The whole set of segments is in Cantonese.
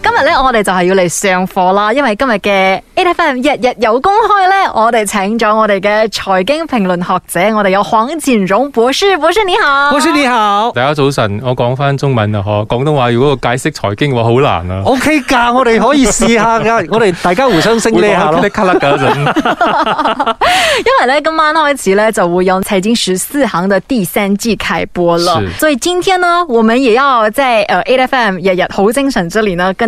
今日咧，我哋就係要嚟上課啦，因為今日嘅 A F M 日日有公開咧，我哋請咗我哋嘅財經評論學者，我哋有黃錦榮博士，博士你好，博士你好，大家早晨，我講翻中文啊，嗬，廣東話如果我解釋財經嘅話好難啊，OK 噶，我哋可以試下， 我哋大家互相升呢下咯， 因為咧今晚開始咧就會有《財經十四行》的第三季開播啦，所以今天呢，我們也要在誒 A F M 日日好精神之年呢跟。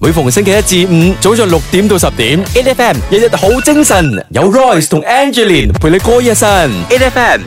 每逢星期一至五，早上六點到十點，AFM 日日好精神，有 Royce 同 Angeline 陪你過一身，AFM。